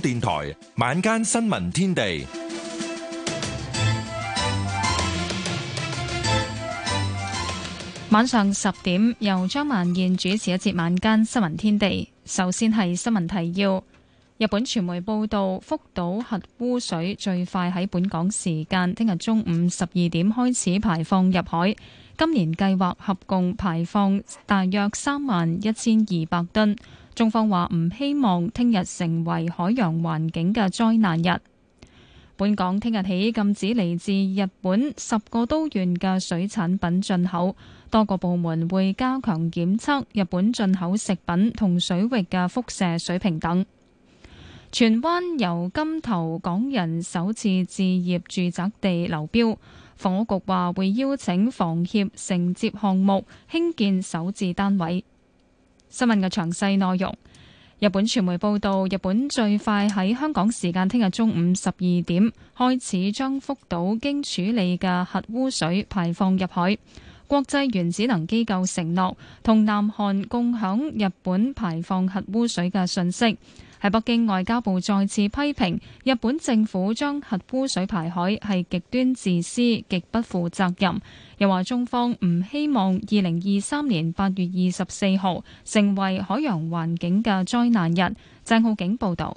電台晚間新聞天地，晚上十點由張萬燕主持一節晚間新聞天地。首先係新聞提要：日本傳媒報道，福島核污水最快喺本港時間聽日中午十二點開始排放入海，今年計劃合共排放大約三萬一千二百噸。中方話唔希望聽日成為海洋環境嘅災難日。本港聽日起禁止嚟自日本十個都縣嘅水產品進口，多個部門會加強檢測日本進口食品同水域嘅輻射水平等。荃灣油柑頭港人首次置業住宅地流標，房屋局話會邀請房協承接項目興建首置單位。新聞嘅詳細內容，日本傳媒報道，日本最快喺香港時間聽日中午十二點開始，將福島經處理嘅核污水排放入海。國際原子能機構承諾同南韓共享日本排放核污水嘅信息。喺北京外交部再次批評日本政府將核污水排海係極端自私、極不負責任，又話中方唔希望二零二三年八月二十四號成為海洋環境嘅災難日。鄭浩景報道。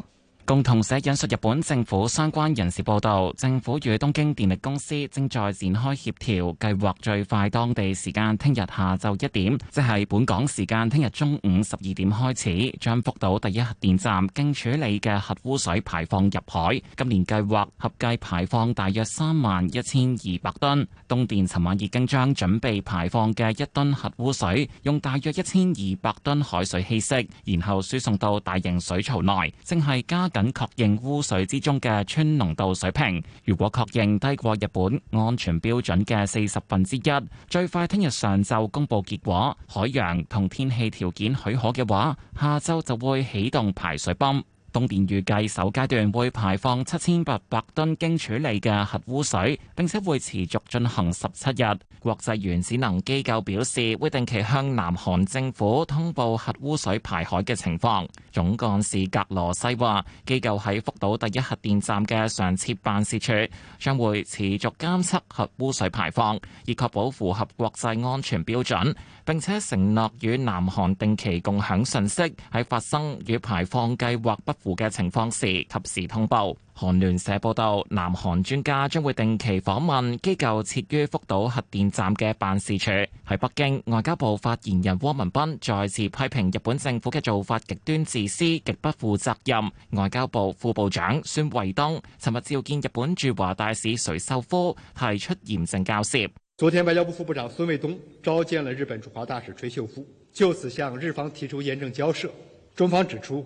共同社引述日本政府相關人士報道，政府與東京電力公司正在展開協調，計劃最快當地時間聽日下晝一點，即係本港時間聽日中午十二點開始，將福島第一核電站經處理嘅核污水排放入海。今年計劃合計排放大約三萬一千二百噸。東電尋晚已經將準備排放嘅一噸核污水用大約一千二百噸海水稀釋，然後輸送到大型水槽內，正係加緊。等確認污水之中嘅氚濃度水平，如果確認低過日本安全標準嘅四十分之一，最快聽日上晝公布結果。海洋同天氣條件許可嘅話，下周就會啟動排水泵。東電預計首階段會排放七千八百噸經處理嘅核污水，並且會持續進行十七日。國際原子能機構表示，會定期向南韓政府通報核污水排海嘅情況。總幹事格羅西話，機構喺福島第一核電站嘅常設辦事處將會持續監測核污水排放，以確保符合國際安全標準。並且承諾與南韓定期共享信息，喺發生與排放計劃不符嘅情況時，及時通報。韓聯社報道南韓專家將會定期訪問機構設於福島核電站嘅辦事處。喺北京，外交部發言人汪文斌再次批評日本政府嘅做法極端自私、極不負責任。外交部副部長孫衛東尋日召見日本駐華大使垂秀夫，提出嚴正交涉。昨天外交部副部長孫衛東召見了日本駐華大使垂秀夫，就此向日方提出嚴正交涉。中方指出。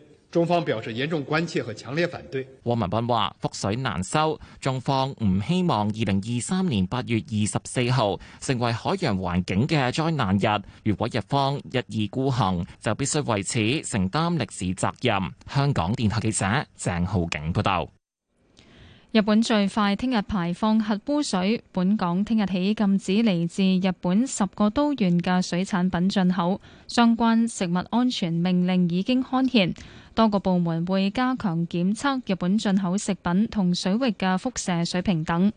中方表示嚴重關切和強烈反對。汪文斌話覆水難收，中方唔希望二零二三年八月二十四號成為海洋環境嘅災難日。如果日方一意孤行，就必須為此承擔歷史責任。香港電台記者鄭浩景報道。日本最快聽日排放核污水，本港聽日起禁止嚟自日本十個都縣嘅水產品進口。相關食物安全命令已經刊憲，多個部門會加強檢測日本進口食品同水域嘅輻射水平等。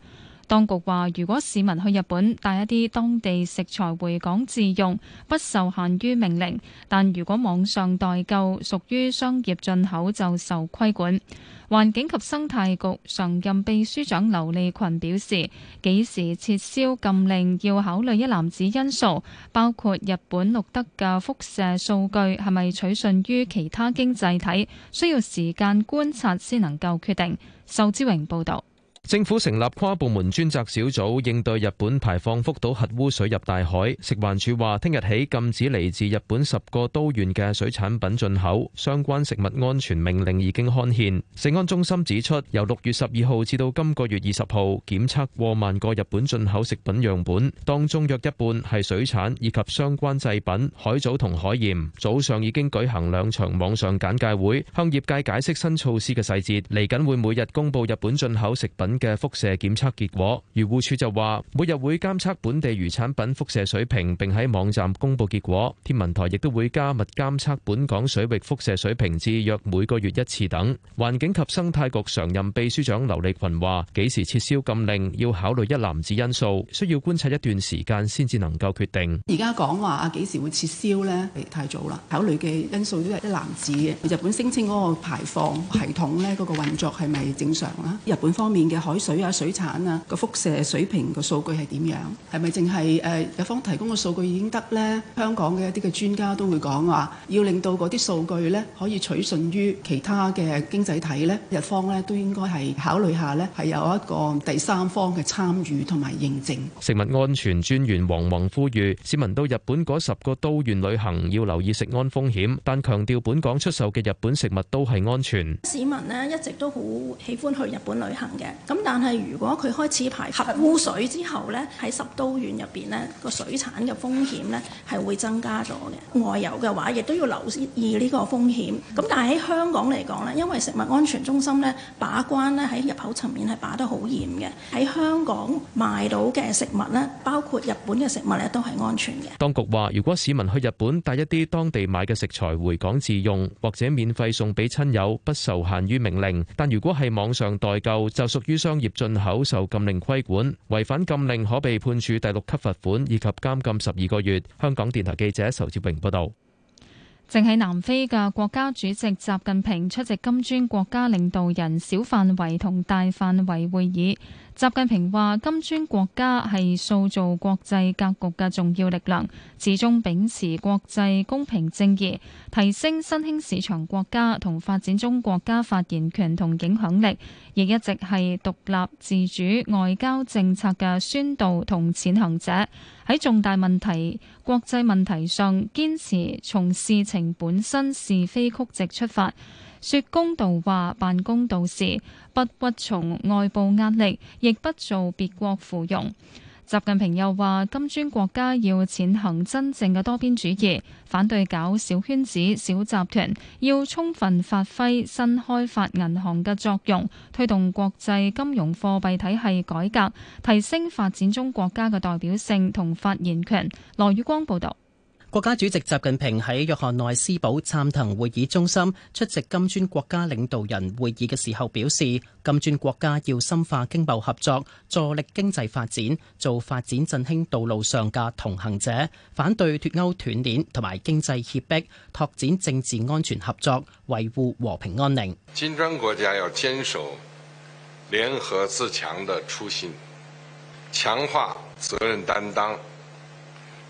當局話，如果市民去日本帶一啲當地食材回港自用，不受限於命令；但如果網上代購屬於商業進口，就受規管。環境及生態局常任秘書長劉利群表示，幾時撤銷禁令要考慮一籃子因素，包括日本錄得嘅輻射數據係咪取信於其他經濟體，需要時間觀察先能夠決定。壽之榮報導。政府成立跨部門專責小組應對日本排放福島核污水入大海。食環署話聽日起禁止嚟自日本十個都縣嘅水產品進口，相關食物安全命令已經刊憲。食安中心指出，由六月十二號至到今個月二十號，檢測過萬個日本進口食品樣本，當中約一半係水產以及相關製品、海藻同海鹽。早上已經舉行兩場網上簡介會，向業界解釋新措施嘅細節，嚟緊會每日公布日本進口食品嘅輻射檢測結果，漁護署就話每日會監測本地漁產品輻射水平，並喺網站公布結果。天文台亦都會加密監測本港水域輻射水平，至約每個月一次等。環境及生態局常任秘書長劉力群話：幾時撤銷禁令要考慮一攬子因素，需要觀察一段時間先至能夠決定。而家講話啊幾時會撤銷呢？太早啦，考慮嘅因素都係一攬子嘅。日本聲稱嗰個排放系統呢嗰個運作係咪正常啦？日本方面嘅。海水啊、水產啊，個輻射水平個數據係點樣？係咪淨係誒日方提供嘅數據已經得咧？香港嘅一啲嘅專家都會講話，要令到嗰啲數據咧可以取信於其他嘅經濟體咧，日方咧都應該係考慮下咧，係有一個第三方嘅參與同埋認證。食物安全專員黃宏呼籲市民到日本嗰十個都縣旅行要留意食安風險，但強調本港出售嘅日本食物都係安全。市民咧一直都好喜歡去日本旅行嘅。咁但係如果佢開始排核污水之後咧，喺十都縣入邊咧個水產嘅風險咧係會增加咗嘅。外遊嘅話，亦都要留意呢個風險。咁但係喺香港嚟講咧，因為食物安全中心咧把關咧喺入口層面係把得好嚴嘅。喺香港賣到嘅食物咧，包括日本嘅食物咧，都係安全嘅。當局話，如果市民去日本帶一啲當地買嘅食材回港自用或者免費送俾親友，不受限於命令。但如果係網上代購，就屬於。商業進口受禁令規管，違反禁令可被判處第六級罰款，以及監禁十二個月。香港電台記者仇志榮報道。正喺南非嘅國家主席習近平出席金磚國家領導人小範圍同大範圍會議。習近平話：金磚國家係塑造國際格局嘅重要力量，始終秉持國際公平正義，提升新興市場國家同發展中國家發言權同影響力，亦一直係獨立自主外交政策嘅宣導同踐行者。喺重大問題、國際問題上，堅持從事情本身是非曲直出發。說公道話，辦公道事，不屈從外部壓力，亦不做別國附庸。習近平又話：金磚國家要踐行真正嘅多邊主義，反對搞小圈子、小集團，要充分發揮新開發銀行嘅作用，推動國際金融貨幣體系改革，提升發展中國家嘅代表性同發言權。羅宇光報導。國家主席習近平喺約翰內斯堡參騰會議中心出席金磚國家領導人會議嘅時候表示，金磚國家要深化經貿合作，助力經濟發展，做發展振興道路上嘅同行者，反對脱歐斷鏈同埋經濟脅迫，拓展政治安全合作，維護和平安寧。金磚國家要堅守聯合自強的初心，強化責任擔當。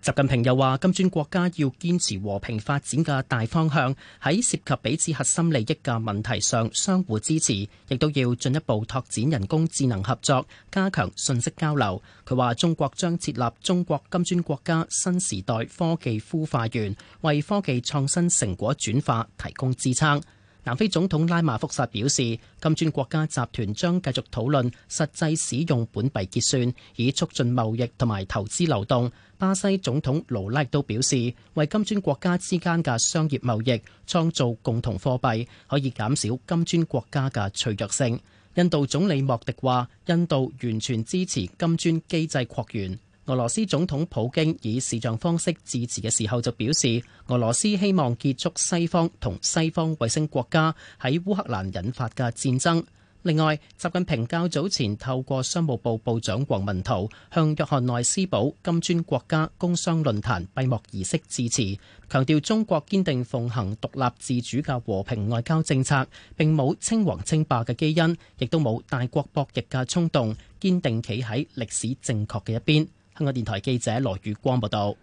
習近平又話：金磚國家要堅持和平發展嘅大方向，喺涉及彼此核心利益嘅問題上相互支持，亦都要進一步拓展人工智能合作，加強信息交流。佢話中國將設立中國金磚國家新時代科技孵化園，為科技創新成果轉化提供支撐。南非總統拉馬福薩表示，金磚國家集團將繼續討論實際使用本幣結算，以促進貿易同埋投資流動。巴西總統盧拉都表示，為金磚國家之間嘅商業貿易創造共同貨幣，可以減少金磚國家嘅脆弱性。印度總理莫迪話，印度完全支持金磚機制擴員。俄羅斯總統普京以視像方式致辭嘅時候就表示，俄羅斯希望結束西方同西方衛星國家喺烏克蘭引發嘅戰爭。另外，習近平較早前透過商務部部長黃文濤向約翰內斯堡金磚國家工商論壇閉幕儀式致辭，強調中國堅定奉行獨立自主嘅和平外交政策，並冇稱王稱霸嘅基因，亦都冇大國博弈嘅衝動，堅定企喺歷史正確嘅一邊。香港電台記者羅宇光報道。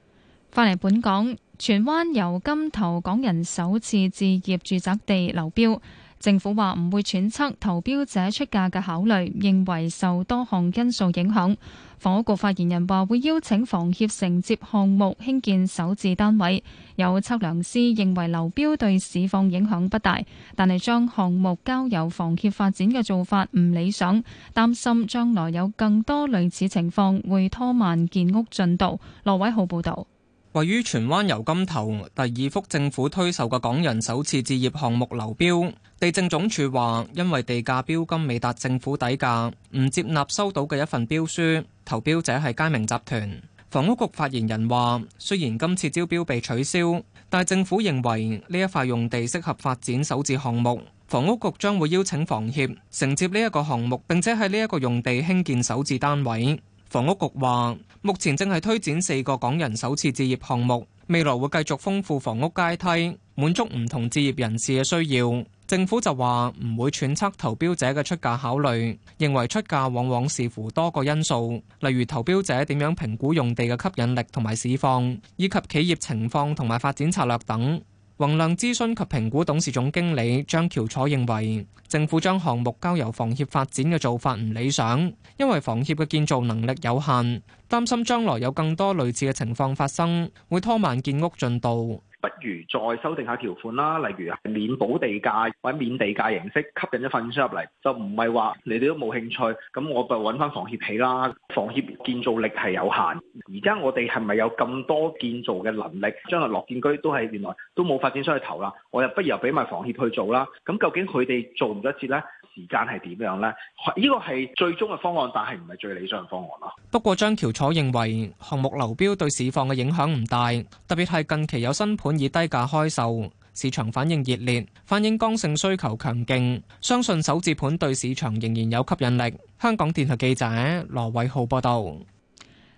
翻嚟本港，荃灣油柑頭港人首次置業住宅地流標。政府話唔會揣測投標者出價嘅考慮，認為受多項因素影響。房屋局發言人話會邀請房協承接項目興建首置單位。有測量師認為流標對市況影響不大，但係將項目交由房協發展嘅做法唔理想，擔心將來有更多類似情況會拖慢建屋進度。羅偉浩報道。位於荃灣油金頭第二幅政府推售嘅港人首次置業項目流標，地政總署話，因為地價標金未達政府底價，唔接納收到嘅一份標書，投標者係佳明集團。房屋局發言人話，雖然今次招標被取消，但政府認為呢一塊用地適合發展首置項目，房屋局將會邀請房協承接呢一個項目，並且喺呢一個用地興建首置單位。房屋局話，目前正係推展四個港人首次置業項目，未來會繼續豐富房屋階梯，滿足唔同置業人士嘅需要。政府就話唔會揣測投標者嘅出價考慮，認為出價往往視乎多個因素，例如投標者點樣評估用地嘅吸引力同埋市況，以及企業情況同埋發展策略等。宏亮諮詢及評估董事總經理張翹楚認為，政府將項目交由房協發展嘅做法唔理想，因為房協嘅建造能力有限，擔心將來有更多類似嘅情況發生，會拖慢建屋進度。不如再修訂下條款啦，例如係免補地價或者免地價形式吸引咗發展商入嚟，就唔係話你哋都冇興趣，咁我就揾翻房協起啦。房協建造力係有限，而家我哋係咪有咁多建造嘅能力？將來樂建居都係原來都冇發展商去投啦，我又不如又俾埋房協去做啦。咁究竟佢哋做唔得切呢？時間係點樣呢？呢個係最終嘅方案，但係唔係最理想嘅方案咯。不過，張橋楚認為項目流標對市況嘅影響唔大，特別係近期有新盤以低價開售，市場反應熱烈，反映剛性需求強勁。相信首置盤對市場仍然有吸引力。香港電台記者羅偉浩報道。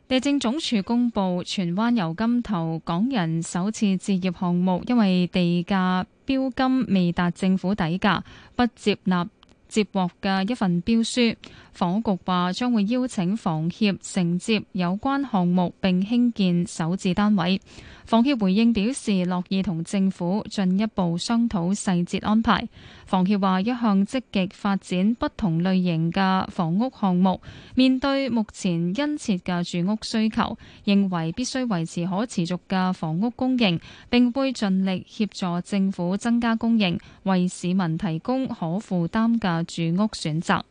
地政總署公布荃灣油柑頭港人首次置業項目，因為地價標金未達政府底價，不接納接獲嘅一份標書，房屋局話將會邀請房協承接有關項目，並興建首置單位。房協回應表示，樂意同政府進一步商討細節安排。房協話，一向積極發展不同類型嘅房屋項目，面對目前殷切嘅住屋需求，認為必須維持可持續嘅房屋供應，並會盡力協助政府增加供應，為市民提供可負擔嘅住屋選擇。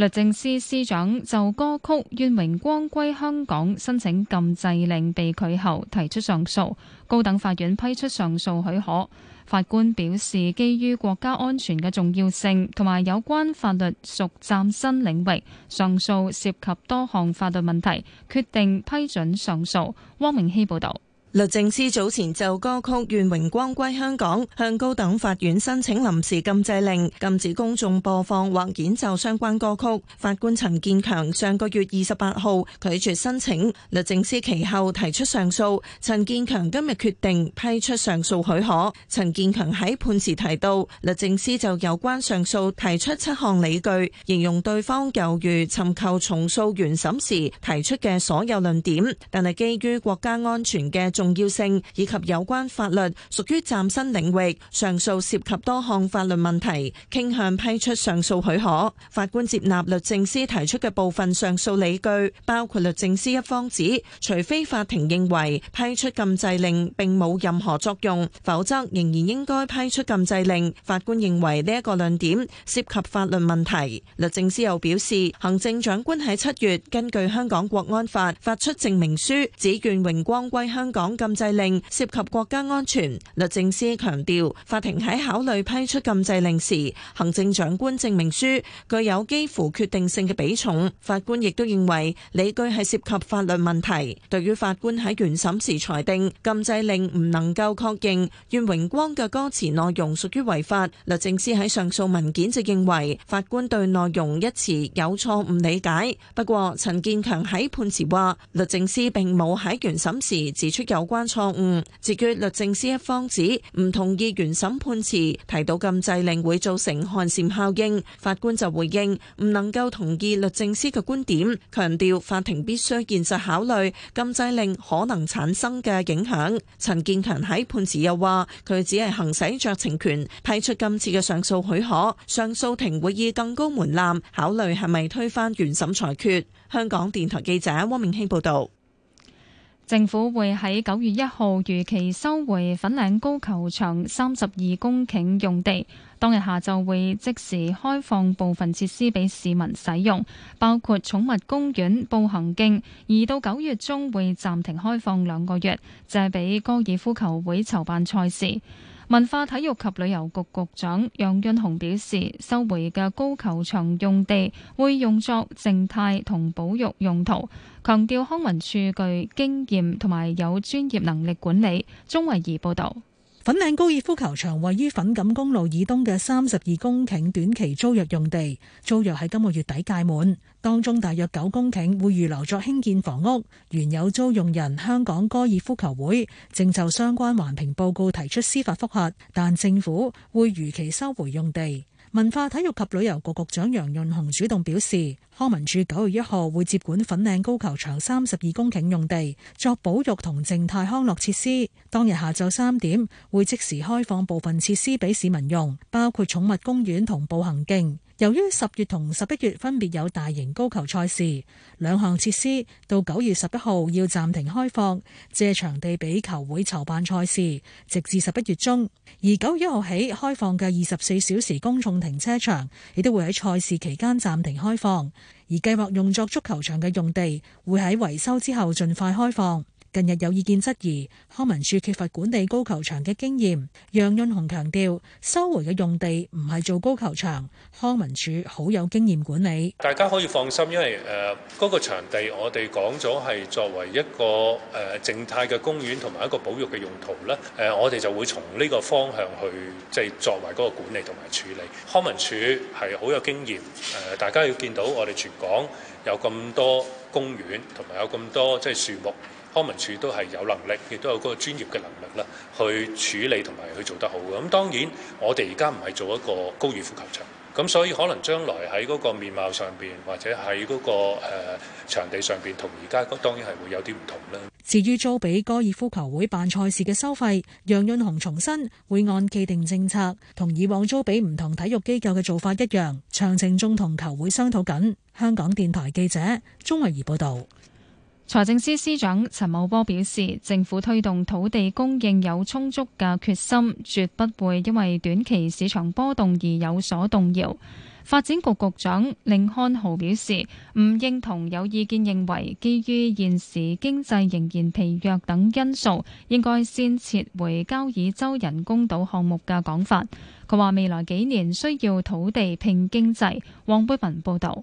律政司司長就歌曲《願榮光歸香港》申請禁制令被拒後提出上訴，高等法院批出上訴許可。法官表示，基於國家安全嘅重要性同埋有關法律屬嶄新領域，上訴涉及多項法律問題，決定批准上訴。汪明希報道。律政司早前就歌曲《願榮光歸香港》向高等法院申請臨時禁制令，禁止公眾播放或演奏相關歌曲。法官陳建強上個月二十八號拒絕申請，律政司其後提出上訴。陳建強今日決定批出上訴許可。陳建強喺判詞提到，律政司就有關上訴提出七項理據，形容對方猶如尋求重訴原審時提出嘅所有論點，但係基於國家安全嘅。重要性以及有關法律屬於嶄新領域，上訴涉及多項法律問題，傾向批出上訴許可。法官接納律政司提出嘅部分上訴理據，包括律政司一方指，除非法庭認為批出禁制令並冇任何作用，否則仍然應該批出禁制令。法官認為呢一個論點涉及法律問題。律政司又表示，行政長官喺七月根據香港國安法發出證明書，指願榮光歸香港。禁制令涉及國家安全，律政司強調，法庭喺考慮批出禁制令時，行政長官證明書具有幾乎決定性嘅比重。法官亦都認為理據係涉及法律問題。對於法官喺原審時裁定禁制令唔能夠確認願榮光嘅歌詞內容屬於違法，律政司喺上訴文件就認為法官對內容一詞有錯誤理解。不過陳建強喺判詞話，律政司並冇喺原審時指出有。有關錯誤裁決，律政司一方指唔同意原審判詞提到禁制令會造成寒蟬效應，法官就回應唔能夠同意律政司嘅觀點，強調法庭必須現實考慮禁制令可能產生嘅影響。陳建強喺判詞又話，佢只係行使酌情權，批出今次嘅上訴許可，上訴庭會以更高門檻考慮係咪推翻原審裁決。香港電台記者汪明希報道。政府會喺九月一號如期收回粉嶺高球場三十二公頃用地，當日下晝會即時開放部分設施俾市民使用，包括寵物公園、步行徑，而到九月中會暫停開放兩個月，借俾高爾夫球會籌辦賽事。文化體育及旅遊局局長楊潤雄表示，收回嘅高球場用地會用作靜態同保育用途。強調康文署具經驗同埋有專業能力管理。鍾慧儀報道：粉嶺高爾夫球場位於粉錦公路以東嘅三十二公頃短期租約用地，租約喺今個月底屆滿，當中大約九公頃會預留作興建房屋。原有租用人香港高爾夫球會正就相關環評報告提出司法複核，但政府會如期收回用地。文化體育及旅遊局局長楊潤雄主動表示，康文署九月一號會接管粉嶺高球場三十二公頃用地，作保育同靜態康樂設施。當日下晝三點會即時開放部分設施俾市民用，包括寵物公園同步行徑。由於十月同十一月分別有大型高球賽事，兩項設施到九月十一號要暫停開放，借場地俾球會籌辦賽事，直至十一月中。而九月一號起開放嘅二十四小時公眾停車場，亦都會喺賽事期間暫停開放。而計劃用作足球場嘅用地，會喺維修之後盡快開放。近日有意見質疑康文署缺乏管理高球場嘅經驗，楊潤雄強調收回嘅用地唔係做高球場，康文署好有經驗管理，大家可以放心，因為誒嗰個場地我哋講咗係作為一個誒靜態嘅公園同埋一個保育嘅用途咧。誒我哋就會從呢個方向去即係作為嗰個管理同埋處理，康文署係好有經驗誒。大家要見到我哋全港有咁多公園同埋有咁多即係樹木。康文署都係有能力，亦都有嗰個專業嘅能力啦，去處理同埋去做得好嘅。咁當然，我哋而家唔係做一個高爾夫球場，咁所以可能將來喺嗰個面貌上邊，或者喺嗰、嗰個誒、呃、場地上邊，同而家當然係會有啲唔同啦。至於租俾高爾夫球會辦賽事嘅收費，楊潤雄重申會按既定政策，同以往租俾唔同體育機構嘅做法一樣。詳情中同球會商討緊。香港電台記者鍾慧儀報道。財政司司長陳茂波表示，政府推動土地供應有充足嘅決心，絕不會因為短期市場波動而有所動搖。發展局局長甯漢豪表示，唔認同有意見認為，基於現時經濟仍然疲弱等因素，應該先撤回交椅洲人工島項目嘅講法。佢話未來幾年需要土地拼經濟。黃貝文報道。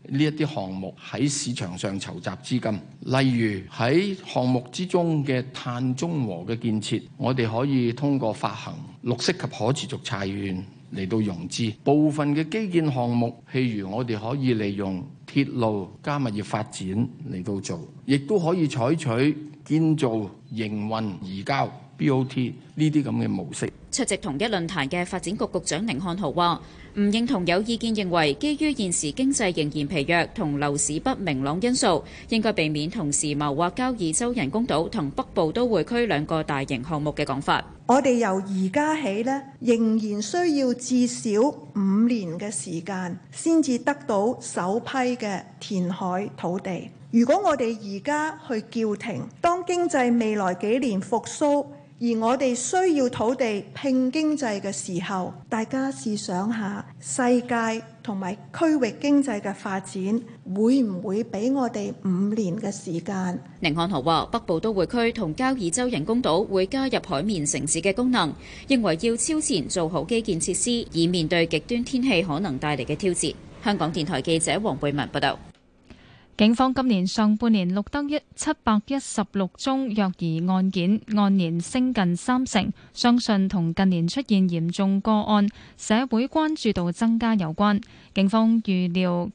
呢一啲項目喺市場上籌集資金，例如喺項目之中嘅碳中和嘅建設，我哋可以通過發行綠色及可持續債券嚟到融資。部分嘅基建項目，譬如我哋可以利用鐵路加物業發展嚟到做，亦都可以採取建造營運移交。B.O.T. 呢啲咁嘅模式。出席同一論壇嘅發展局局長寧漢豪話：唔認同有意見認為，基於現時經濟仍然疲弱同樓市不明朗因素，應該避免同時謀劃交椅洲人工島同北部都會區兩個大型項目嘅講法。我哋由而家起咧，仍然需要至少五年嘅時間，先至得到首批嘅填海土地。如果我哋而家去叫停，當經濟未來幾年復甦，而我哋需要土地拼經濟嘅時候，大家試想下世界同埋區域經濟嘅發展，會唔會俾我哋五年嘅時間？寧漢豪話北部都會區同交椅洲人工島會加入海綿城市嘅功能，認為要超前做好基建設施，以面對極端天氣可能帶嚟嘅挑戰，香港電台記者黃貝文報道。警方今年上半年錄得一千七百一十六宗虐兒案件，按年升近三成，相信同近年出現嚴重個案、社會關注度增加有關，警方預料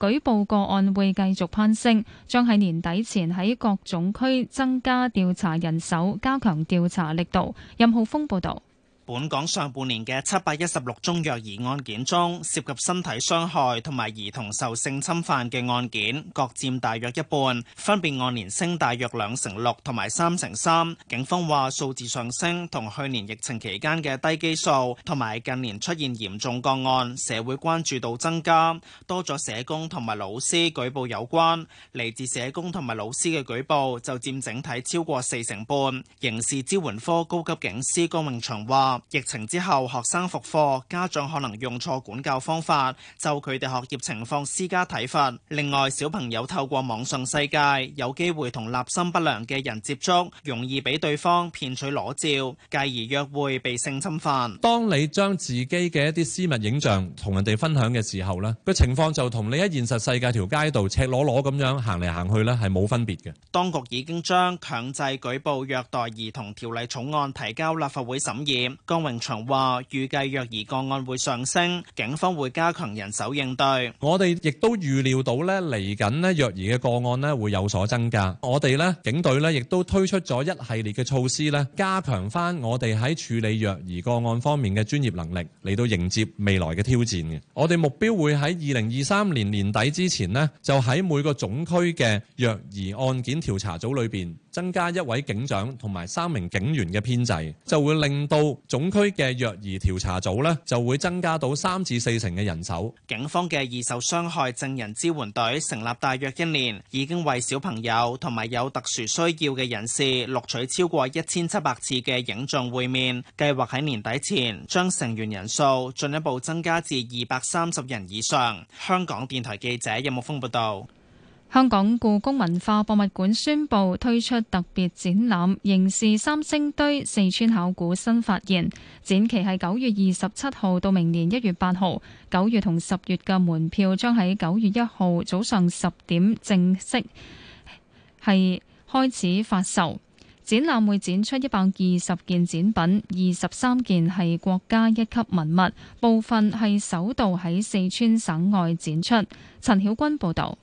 舉報個案會繼續攀升，將喺年底前喺各種區增加調查人手，加強調查力度。任浩峰報道。本港上半年嘅七百一十六宗虐兒案件中，涉及身體傷害同埋兒童受性侵犯嘅案件，各佔大約一半，分別按年升大約兩成六同埋三成三。警方話數字上升同去年疫情期間嘅低基數同埋近年出現嚴重個案，社會關注度增加，多咗社工同埋老師舉報有關，嚟自社工同埋老師嘅舉報就佔整體超過四成半。刑事支援科高級警司江永祥話。疫情之後，學生復課，家長可能用錯管教方法，就佢哋學業情況施加體罰。另外，小朋友透過網上世界，有機會同立心不良嘅人接觸，容易俾對方騙取裸照，繼而約會被性侵犯。當你將自己嘅一啲私密影像同人哋分享嘅時候，呢個情況就同你喺現實世界條街度赤裸裸咁樣行嚟行去，呢係冇分別嘅。當局已經將強制舉報虐待兒童條例草案提交立法會審議。江榮祥話：預計虐兒個案會上升，警方會加強人手應對。我哋亦都預料到咧，嚟緊咧虐兒嘅個案咧會有所增加。我哋呢警隊呢亦都推出咗一系列嘅措施呢，加強翻我哋喺處理虐兒個案方面嘅專業能力，嚟到迎接未來嘅挑戰嘅。我哋目標會喺二零二三年年底之前呢，就喺每個總區嘅虐兒案件調查組裏邊。增加一位警長同埋三名警員嘅編制，就會令到總區嘅虐兒調查組咧，就會增加到三至四成嘅人手。警方嘅易受傷害證人支援隊成立大約一年，已經為小朋友同埋有特殊需要嘅人士錄取超過一千七百次嘅影像會面。計劃喺年底前將成員人數進一步增加至二百三十人以上。香港電台記者任木峯報道。香港故宮文化博物館宣布推出特別展覽，凝視三星堆四川考古新發現。展期係九月二十七號到明年一月八號。九月同十月嘅門票將喺九月一號早上十點正式係開始發售。展覽會展出一百二十件展品，二十三件係國家一級文物，部分係首度喺四川省外展出。陳曉君報道。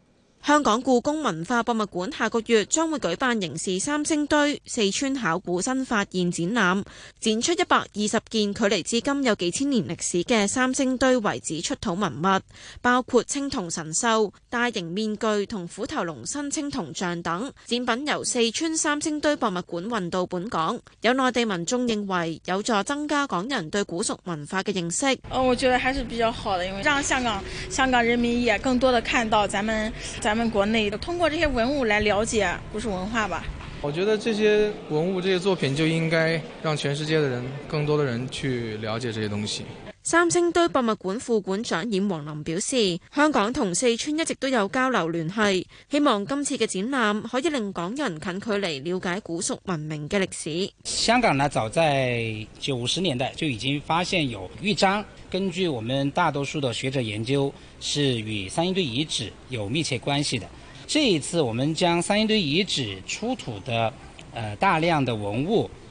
香港故宮文化博物館下個月將會舉辦《凝視三星堆四川考古新發現》展覽，展出一百二十件距離至今有幾千年歷史嘅三星堆遺址出土文物，包括青銅神獸、大型面具同虎頭龍身青銅像等。展品由四川三星堆博物館運到本港。有內地民眾認為有助增加港人對古蜀文化嘅認識。我覺得還是比較好嘅，因為讓香港香港人民也更多地看到，咱們，咱們國內的通過這些文物來了解，不是文化吧？我覺得這些文物，這些作品就應該讓全世界的人，更多的人去了解這些東西。三星堆博物館副館長冉黃林表示，香港同四川一直都有交流聯繫，希望今次嘅展覽可以令港人近距離了解古蜀文明嘅歷史。香港呢，早在九十年代就已經發現有玉璋，根據我們大多數的學者研究，是與三星堆遺址有密切關係的。這一次，我們將三星堆遺址出土的，呃，大量的文物，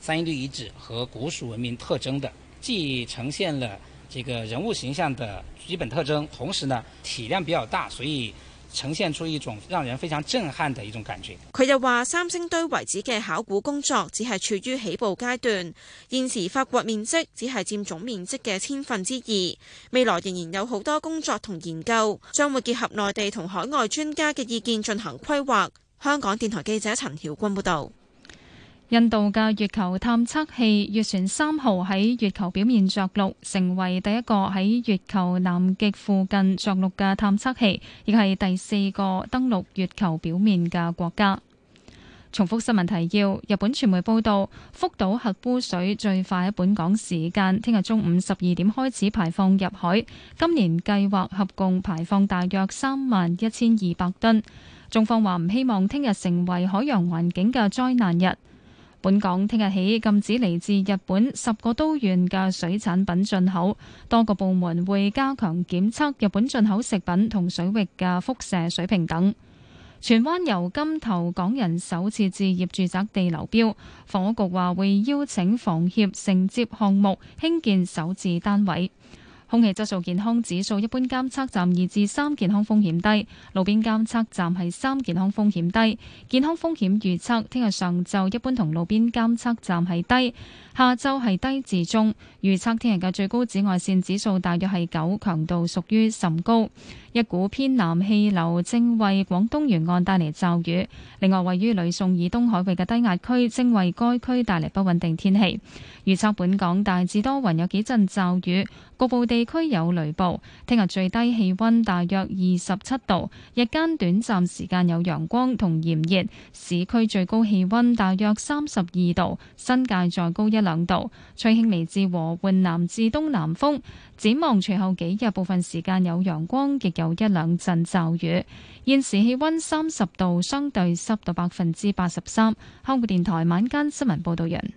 三星堆遺址和古蜀文明特徵的，既呈現了這個人物形象的基本特徵，同時呢體量比較大，所以呈現出一種讓人非常震撼的一種感覺。佢又話三星堆遺址嘅考古工作只係處於起步階段，現時發掘面積只係佔總面積嘅千分之二，未來仍然有好多工作同研究，將會結合內地同海外專家嘅意見進行規劃。香港電台記者陳曉君報道。印度嘅月球探測器月船三號喺月球表面著陸，成為第一個喺月球南極附近著陸嘅探測器，亦係第四個登陸月球表面嘅國家。重複新聞提要：日本傳媒報道，福島核污水最快喺本港時間聽日中午十二點開始排放入海，今年計劃合共排放大約三萬一千二百噸。中方話唔希望聽日成為海洋環境嘅災難日。本港聽日起禁止嚟自日本十個都縣嘅水產品進口，多個部門會加強檢測日本進口食品同水域嘅輻射水平等。荃灣油柑頭港人首次置業住宅地流標，房屋局話會邀請房協承接項目興建首置單位。空氣質素健康指數一般監測站二至三，健康風險低，路邊監測站係三，健康風險低。健康風險預測，聽日上晝一般同路邊監測站係低，下晝係低至中。預測聽日嘅最高紫外線指數大約係九，強度屬於甚高。一股偏南氣流正為廣東沿岸帶嚟驟雨，另外位於呂宋以東海域嘅低壓區正為該區帶嚟不穩定天氣。預測本港大致多雲，有幾陣驟雨，局部地區有雷暴。聽日最低氣温大約二十七度，日間短暫時間有陽光同炎熱。市區最高氣温大約三十二度，新界再高一兩度。吹輕微至和緩南至東南風。展望隨後幾日部分時間有陽光，極有一兩陣驟雨。現時氣溫三十度，相對濕度百分之八十三。香港電台晚間新聞報道人，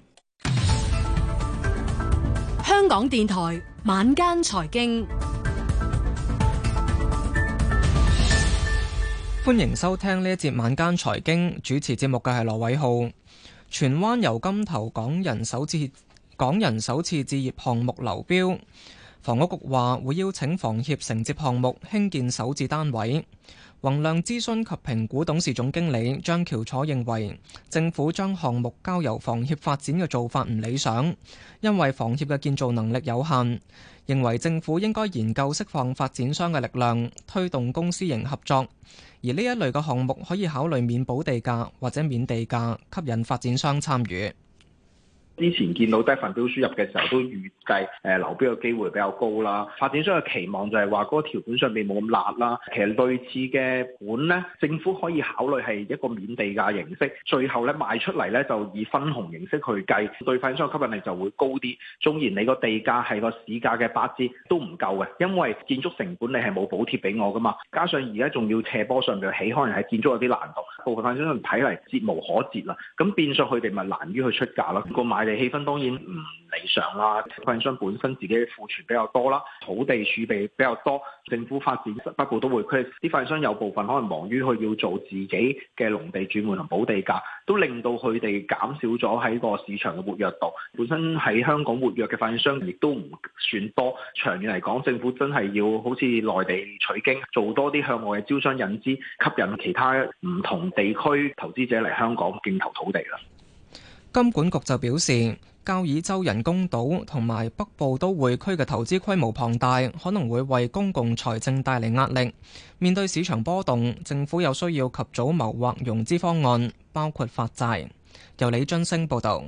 香港電台晚間財經，歡迎收聽呢一節晚間財經，主持節目嘅係羅偉浩。荃灣油柑頭港人首次港人首次置業項目流標。房屋局話會邀請房協承接項目興建首置單位。宏亮諮詢及評估董事總經理張喬楚認為政府將項目交由房協發展嘅做法唔理想，因為房協嘅建造能力有限。認為政府應該研究釋放發展商嘅力量，推動公私營合作。而呢一類嘅項目可以考慮免補地價或者免地價，吸引發展商參與。之前見到低份標書入嘅時候，都預計誒、呃、流標嘅機會比較高啦。發展商嘅期望就係話，嗰、那個條款上面冇咁辣啦。其實類似嘅盤咧，政府可以考慮係一個免地價形式，最後咧賣出嚟咧就以分紅形式去計，對發展商嘅吸引力就會高啲。縱然你個地價係個市價嘅八折都唔夠嘅，因為建築成本你係冇補貼俾我噶嘛。加上而家仲要斜坡上面起，可能係建築有啲難度，部分發展商睇嚟節無可節啦。咁變相佢哋咪難於去出價咯。如果嚟氣氛當然唔理想啦，發展商本身自己庫存比較多啦，土地儲備比較多，政府發展北部都會區，佢啲發展商有部分可能忙於去要做自己嘅農地轉換同補地價，都令到佢哋減少咗喺個市場嘅活躍度。本身喺香港活躍嘅發展商亦都唔算多，長遠嚟講，政府真係要好似內地取經，做多啲向外嘅招商引資，吸引其他唔同地區投資者嚟香港競投土地啦。金管局就表示，交椅洲人工島同埋北部都會區嘅投資規模龐大，可能會為公共財政帶嚟壓力。面對市場波動，政府有需要及早謀劃融資方案，包括發債，由李津升報道。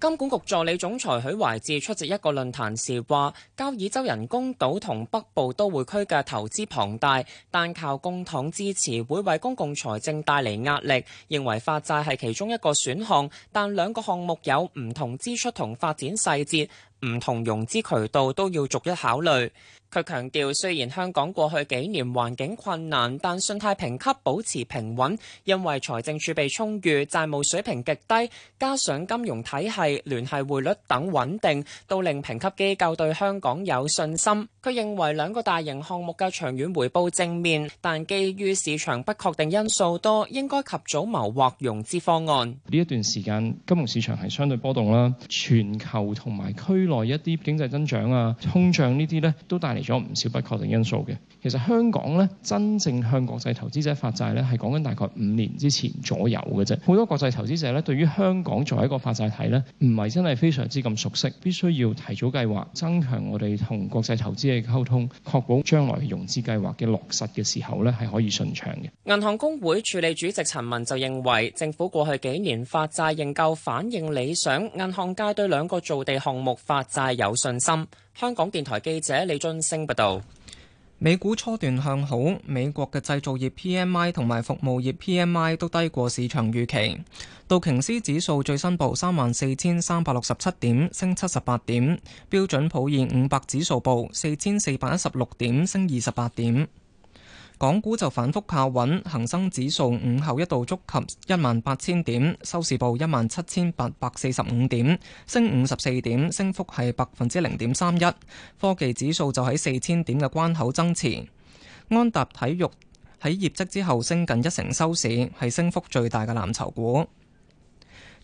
金管局助理總裁許懷志出席一個論壇時話，交椅洲人工島同北部都會區嘅投資龐大，但靠公帑支持會為公共財政帶嚟壓力，認為發債係其中一個選項。但兩個項目有唔同支出同發展細節，唔同融資渠道都要逐一考慮。佢強調，雖然香港過去幾年環境困難，但信貸評級保持平穩，因為財政儲備充裕、債務水平極低，加上金融體系、聯繫匯率等穩定，都令評級機構對香港有信心。佢認為兩個大型項目嘅長遠回報正面，但基於市場不確定因素多，應該及早謀劃融資方案。呢一段時間，金融市場係相對波動啦，全球同埋區內一啲經濟增長啊、通脹呢啲呢都帶嚟咗唔少不確定因素嘅。其實香港咧真正向國際投資者發債咧，係講緊大概五年之前左右嘅啫。好多國際投資者咧，對於香港作為一個發債體咧，唔係真係非常之咁熟悉，必須要提早計劃，增強我哋同國際投資者嘅溝通，確保將來融資計劃嘅落實嘅時候咧，係可以順暢嘅。銀行公會處理主席陳文就認為，政府過去幾年發債仍夠反映理想，銀行界對兩個造地項目發債有信心。 香港電台記者李津升報道：美股初段向好，美國嘅製造業 PMI 同埋服務業 PMI 都低過市場預期。道瓊斯指數最新報三萬四千三百六十七點，升七十八點；標準普爾五百指數報四千四百一十六點，升二十八點。港股就反覆靠穩恒生指數午後一度觸及一萬八千點收市報一萬七千八百四十五點升五十四點升幅係百分之零點三一。科技指數就喺四千點嘅關口增持安踏體育喺業績之後升近一成，收市係升幅最大嘅藍籌股。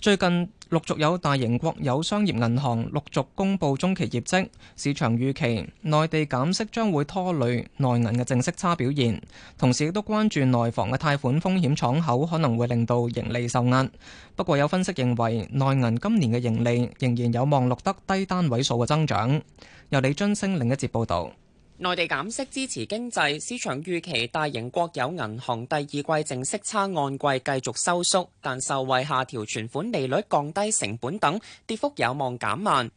最近陸續有大型國有商業銀行陸續公布中期業績，市場預期，內地減息將會拖累內銀嘅淨息差表現，同時亦都關注內房嘅貸款風險敞口可能會令到盈利受壓，不過有分析認為，內銀今年嘅盈利仍然有望錄得低單位數嘅增長，由李津升另一節報道。內地減息支持經濟，市場預期大型國有銀行第二季淨息差按季繼續收縮，但受惠下調存款利率、降低成本等，跌幅有望減慢。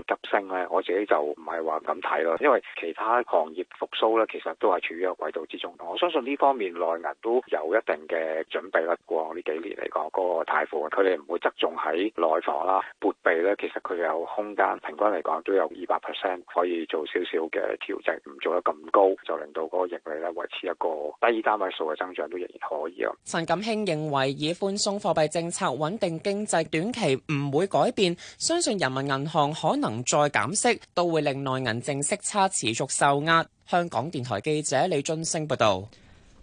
啲急升咧，我自己就唔係話咁睇咯，因為其他行業復蘇咧，其實都係處於一個軌道之中。我相信呢方面內銀都有一定嘅準備啦。過呢幾年嚟講嗰個貸款佢哋唔會側重喺內房啦、撥備咧，其實佢有空間平均嚟講都有二百 percent 可以做少少嘅調整，唔做得咁高，就令到個盈利咧維持一個低單位數嘅增長都仍然可以啊。陳錦興認為以寬鬆貨幣政策穩定經濟短期唔會改變，相信人民銀行可。能再減息，都會令內銀淨息差持續受壓。香港電台記者李津升報導，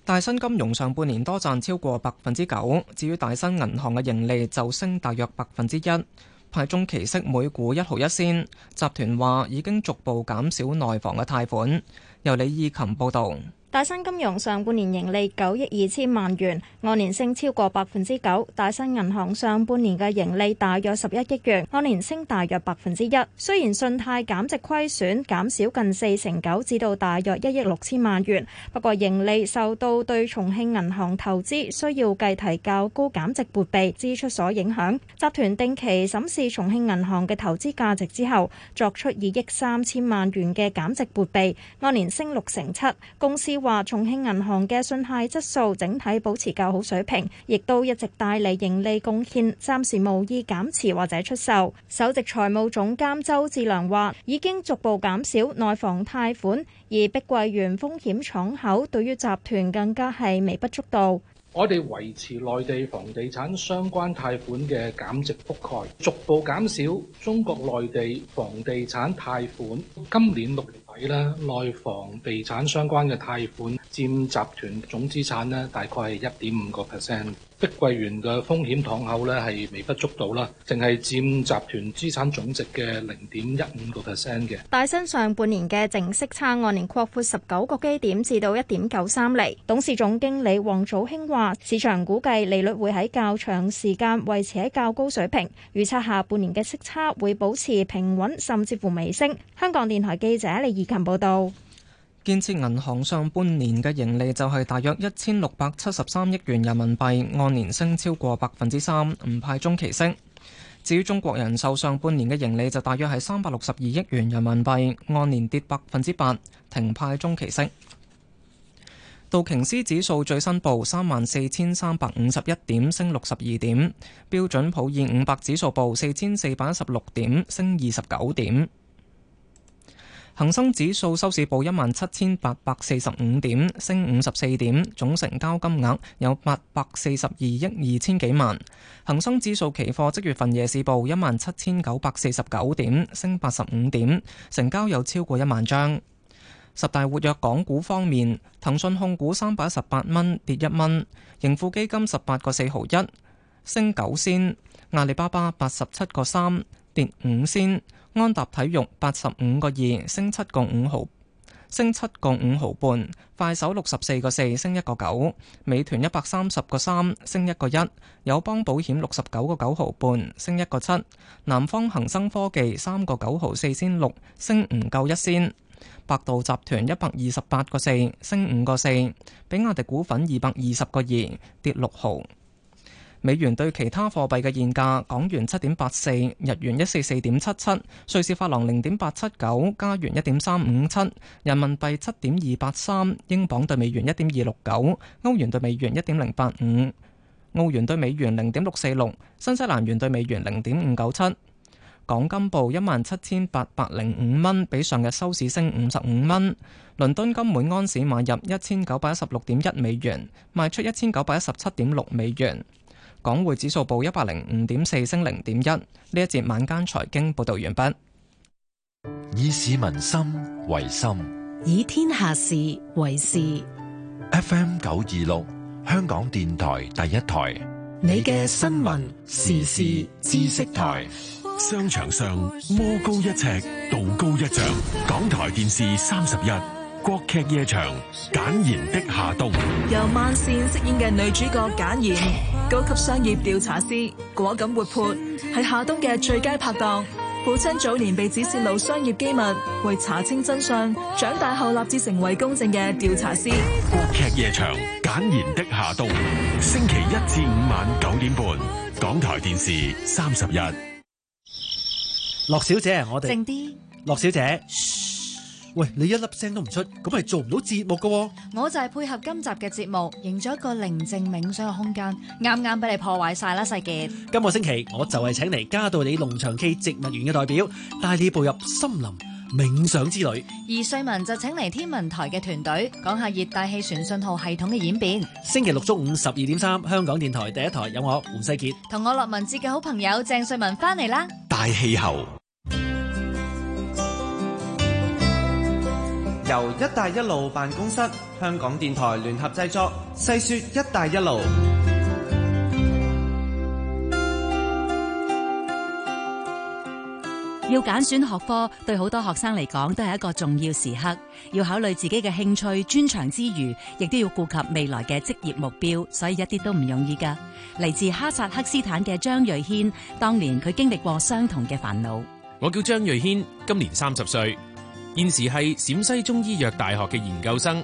大新金融上半年多賺超過百分之九，至於大新銀行嘅盈利就升大約百分之一，派中期息每股一毫一仙。集團話已經逐步減少內房嘅貸款。由李義琴報導。大新金融上半年盈利九億二千萬元，按年升超過百分之九。大新銀行上半年嘅盈利大約十一億元，按年升大約百分之一。雖然信貸減值虧損減少近四成九，至到大約一億六千萬元，不過盈利受到對重慶銀行投資需要計提較高減值撥備支出所影響。集團定期審視重慶銀行嘅投資價值之後，作出二億三千萬元嘅減值撥備，按年升六成七。公司。話重慶銀行嘅信貸質素整體保持較好水平，亦都一直帶嚟盈利貢獻。暫時無意減持或者出售。首席財務總監周志良話，已經逐步減少內房貸款，而碧桂園風險敞口對於集團更加係微不足道。我哋維持內地房地產相關貸款嘅減值覆蓋，逐步減少中國內地房地產貸款。今年六位啦，內房地產相關嘅貸款佔集團總資產咧，大概係一點五個 percent。碧桂園嘅風險敞口呢係微不足道啦，淨係佔集團資產總值嘅零點一五個 percent 嘅。大新上半年嘅淨息差按年擴闊十九個基點至到一點九三厘。董事總經理王祖興話：市場估計利率會喺較長時間維持喺較高水平，預測下半年嘅息差會保持平穩，甚至乎微升。香港電台記者李。而近報道，建設銀行上半年嘅盈利就係大約一千六百七十三億元人民幣，按年升超過百分之三，唔派中期息。至於中國人壽上半年嘅盈利就大約係三百六十二億元人民幣，按年跌百分之八，停派中期息。道瓊斯指數最新報三萬四千三百五十一點，升六十二點。標準普爾五百指數報四千四百一十六點，升二十九點。恒生指數收市報一萬七千八百四十五點，升五十四點，總成交金額有八百四十二億二千幾萬。恒生指數期貨即月份夜市報一萬七千九百四十九點，升八十五點，成交有超過一萬張。十大活躍港股方面，騰訊控股三百一十八蚊，跌一蚊；盈富基金十八個四毫一，升九仙；阿里巴巴八十七個三。跌五仙，安踏體育八十五個二，升七個五毫，升七個五毫半。快手六十四個四，升一個九。美團一百三十個三，升一個一。友邦保險六十九個九毫半，升一個七。南方恒生科技三個九毫四先六，4，升唔夠一仙。百度集團一百二十八個四，升五個四。比亞迪股份二百二十個二，跌六毫。美元對其他貨幣嘅現價，港元七點八四，日元一四四點七七，瑞士法郎零點八七九，加元一點三五七，人民幣七點二八三，英鎊對美元一點二六九，歐元對美元一點零八五，澳元對美元零點六四六，新西蘭元對美元零點五九七。港金報一萬七千八百零五蚊，比上日收市升五十五蚊。倫敦金每安士買入一千九百一十六點一美元，賣出一千九百一十七點六美元。港匯指數報一百零五點四，升零點一。呢一節晚間財經報道完畢。以市民心為心，以天下事為事。F M 九二六，香港電台第一台。你嘅新聞時事知識台。識台商場上魔高一尺，道高一丈。港台電視三十一，國劇夜場簡言的夏冬，由萬茜飾演嘅女主角簡言。高級商業調查師，果敢活潑，係夏冬嘅最佳拍檔。父親早年被指泄露商業機密，為查清真相，長大後立志成為公正嘅調查師。國劇夜場，簡言的夏冬，星期一至五晚九點半，港台電視三十日。樂小姐，我哋靜啲。樂點小姐。喂，你一粒聲都唔出，咁係做唔到節目噶。我就係配合今集嘅節目，營造一個寧靜冥想嘅空間，啱啱俾你破壞晒啦，世傑。今個星期我就係請嚟嘉道理農場暨植物園嘅代表，帶你步入森林冥想之旅。而瑞文就請嚟天文台嘅團隊，講下熱帶氣旋信號系統嘅演變。星期六中午十二點三，香港電台第一台有我胡世傑，同我落文字嘅好朋友鄭瑞文翻嚟啦。大氣候。由“一帶一路”辦公室、香港電台聯合製作，細說“一帶一路”。要揀選學科，對好多學生嚟講都係一個重要時刻，要考慮自己嘅興趣、專長之餘，亦都要顧及未來嘅職業目標，所以一啲都唔容易㗎。嚟自哈薩克斯坦嘅張瑞軒，當年佢經歷過相同嘅煩惱。我叫張瑞軒，今年三十歲。現時係陝西中醫藥大學嘅研究生。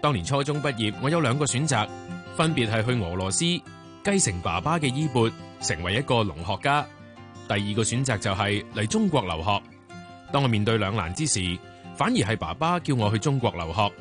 當年初中畢業，我有兩個選擇，分別係去俄羅斯，繼承爸爸嘅衣鉢，成為一個農學家；第二個選擇就係嚟中國留學。當我面對兩難之時，反而係爸爸叫我去中國留學，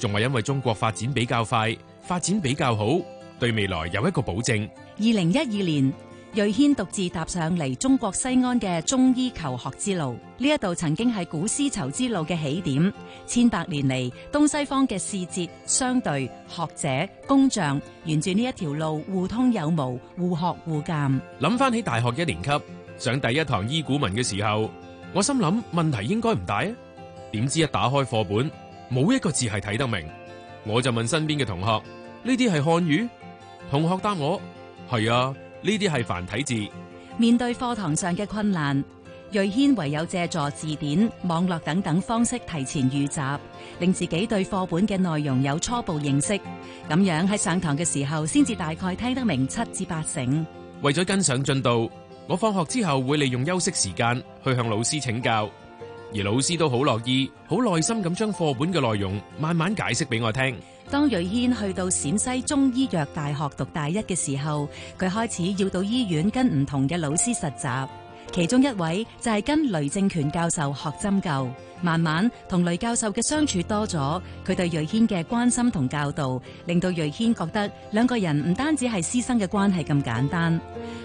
仲話因為中國發展比較快，發展比較好，對未來有一個保證。二零一二年。瑞軒獨自踏上嚟中國西安嘅中醫求學之路，呢一度曾經係古絲綢之路嘅起點，千百年嚟東西方嘅士節相對學者工匠，沿住呢一條路互通有無，互學互鑒。諗翻起大學一年級，上第一堂醫古文嘅時候，我心諗問題應該唔大啊，點知一打開課本，冇一個字係睇得明，我就問身邊嘅同學：呢啲係漢語？同學答我：係啊。呢啲係繁體字。面對課堂上嘅困難，瑞軒唯有借助字典、網絡等等方式提前預習，令自己對課本嘅內容有初步認識。咁樣喺上堂嘅時候，先至大概聽得明七至八成。為咗跟上進度，我放學之後會利用休息時間去向老師請教，而老師都好樂意、好耐心咁將課本嘅內容慢慢解釋俾我聽。當瑞軒去到陝西中醫藥大學讀大一嘅時候，佢開始要到醫院跟唔同嘅老師實習，其中一位就係跟雷正權教授學針灸。慢慢同雷教授嘅相處多咗，佢對瑞軒嘅關心同教導，令到瑞軒覺得兩個人唔單止係師生嘅關係咁簡單。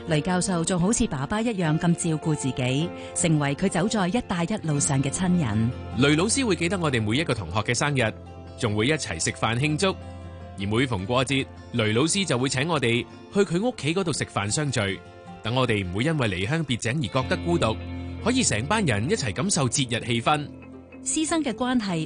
雷教授仲好似爸爸一樣咁照顧自己，成為佢走在一帶一路上嘅親人。雷老師會記得我哋每一個同學嘅生日。仲會一齊食飯慶祝，而每逢過節，雷老師就會請我哋去佢屋企度食飯相聚，等我哋唔會因為離鄉別井而覺得孤獨，可以成班人一齊感受節日氣氛。師生嘅關係。